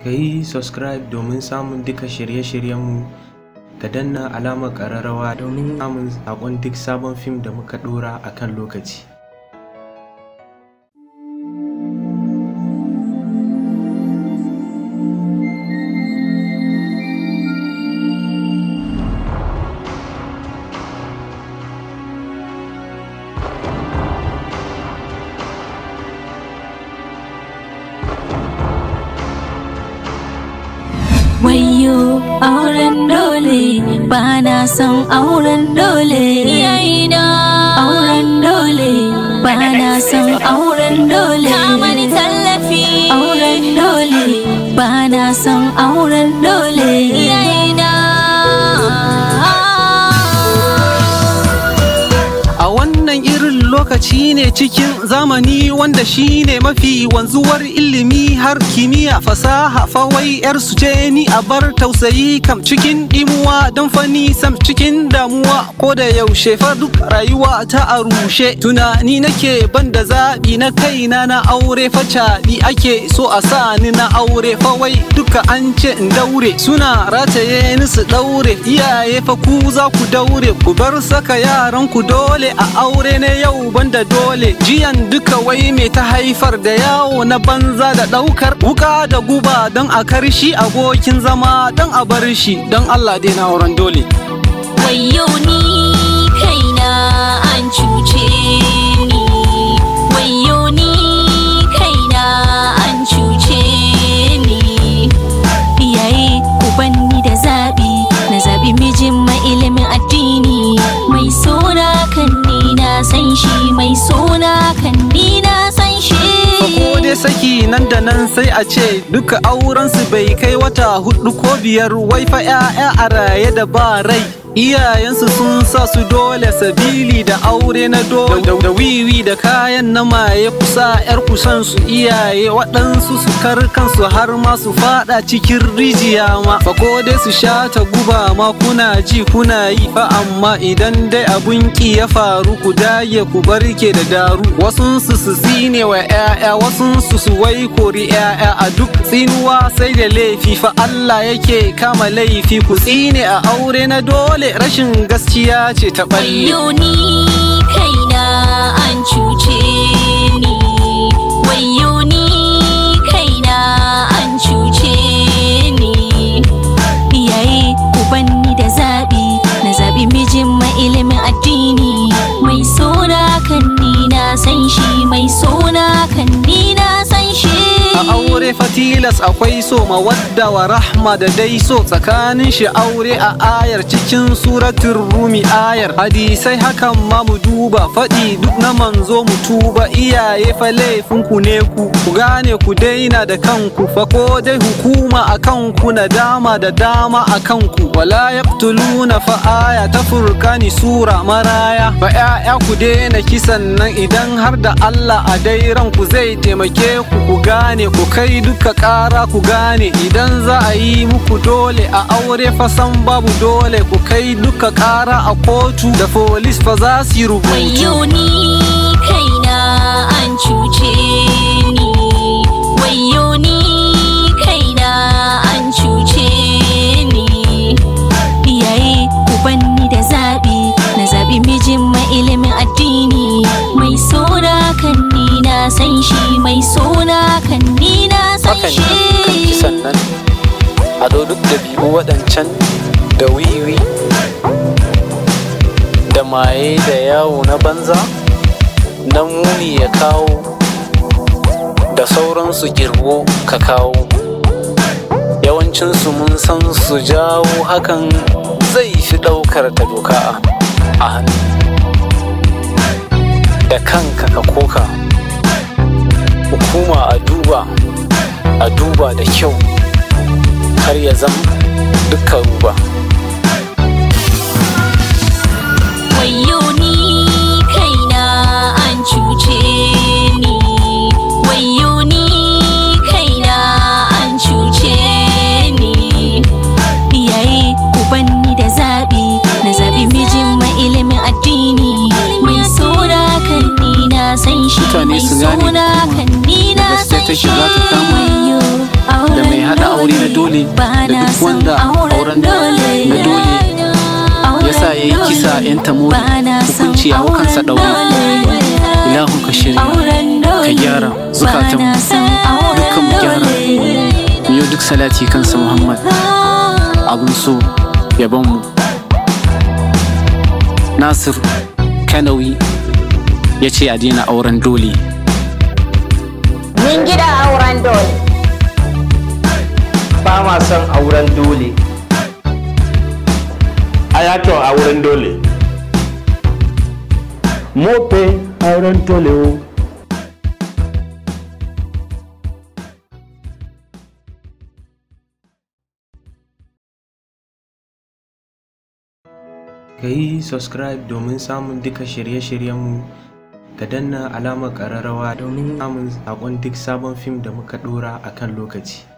ka yi subscribe domin samun duka shirye-shiryenmu ga danna alamar ƙararrawa domin samun sakon duk sabon fim da muka ɗora a kan lokaci wayo auren dole ba na son auren dole yayina auren dole ba na son auren dole mani tallafi auren dole ba na son auren dole lokaci ne cikin zamani wanda shi ne mafi wanzuwar ilimi har kimiyya fasaha fawai yar su ce ni a bar tausayi kam cikin ɗimuwa don fani sam cikin damuwa ko da yaushe fa duk rayuwa ta a rushe tunani nake ban da zaɓi na kaina na aure facaɗi ake so a sa ni na aure fawai duka an ce in daure suna rataye ni su daure iyaye fa ku za ku daure ku bar saka yaran ku dole a aure ne yau ba wanda dole jiyan duka wai mai ta haifar da yawo na banza da daukar wuka da guba don a karshi abokin zama don a bar shi don Allah dai na wurin dole. Wayo ni kaina an cuce nan da nan sai a ce duka auren su bai kai wata hudu ko biyar wai fa 'ya'ya a raye da ba rai iyayensu sun sa su dole sabili da aure na dole da wiwi da kayan na maye kusa yar kusan su iyaye waɗansu su karkansu har ma su fada cikin rijiya ma fako dai su sha ta guba ma kuna ji kuna yi Ba amma idan dai abun ki ya faru ku daye ku barke da daru wasu su su zine wa ƴaƴa wasu su su wai kori ƴaƴa a duk tsinuwa sai da laifi fa Allah yake kama laifi ku tsine a aure na dole dole rashin gaskiya ce ta ɓalle. fatilas akwai so mawadda wa rahma da dai so tsakanin shi aure a ayar cikin suratun rumi ayar hadisai hakan ma mu duba faɗi duk na manzo mu tuba iyaye fa laifin ku ne ku ku gane ku daina da kanku fa ko dai hukuma a kanku na dama da dama a kanku wala yaqtuluna fa aya ta furkani sura maraya fa yaya ku daina kisan nan idan har da Allah a dai ranku zai taimake ku ku gane ku kai duka ƙara ku gane idan za a yi muku dole a aure fasan babu dole ku kai duka ƙara a kotu da folis fa za su yi rubutu kaina an cuce ni wayo ni kaina an cuce ni yayi ku banni da zaɓi na zaɓi mijin mai ilimin addini mai sona kan na san shi mai sona kan akan dukkan kisan nan a duk da bibu waɗancan da wiwi da maye da yawo na banza na muni ya kawo da sauransu girgo ka kawo yawancinsu mun san su jawo hakan zai fi ɗaukar ta doka a hannu da kanka ka koka hukuma a duba a duba da kyau har ya zama dukkan ruba wayo kaina an cuce ni wayo kaina an cuce ni iyaye ku banni da zaɓi na zaɓi mijin mai ilimin addini mai sora kan na san mai sora kan gaske ta shiga ta kama da mai hada aure na dole da duk wanda auren na dole ya sa ya yi kisa yan tamori hukunci a wakansa ɗaure ilahu ka shirya ka gyara zukatan dukkan mu gyara mu duk salati kansa muhammad abun so yaban mu nasir kanawi ya ce a daina auren dole mun gida auren dole ba ma son auren dole ayato auren dole mope auren dole o ka yi subscribe domin samun duka shirye-shiryenmu ka danna alamar ƙararrawa domin samun saƙon duk sabon fim da muka ɗora a kan lokaci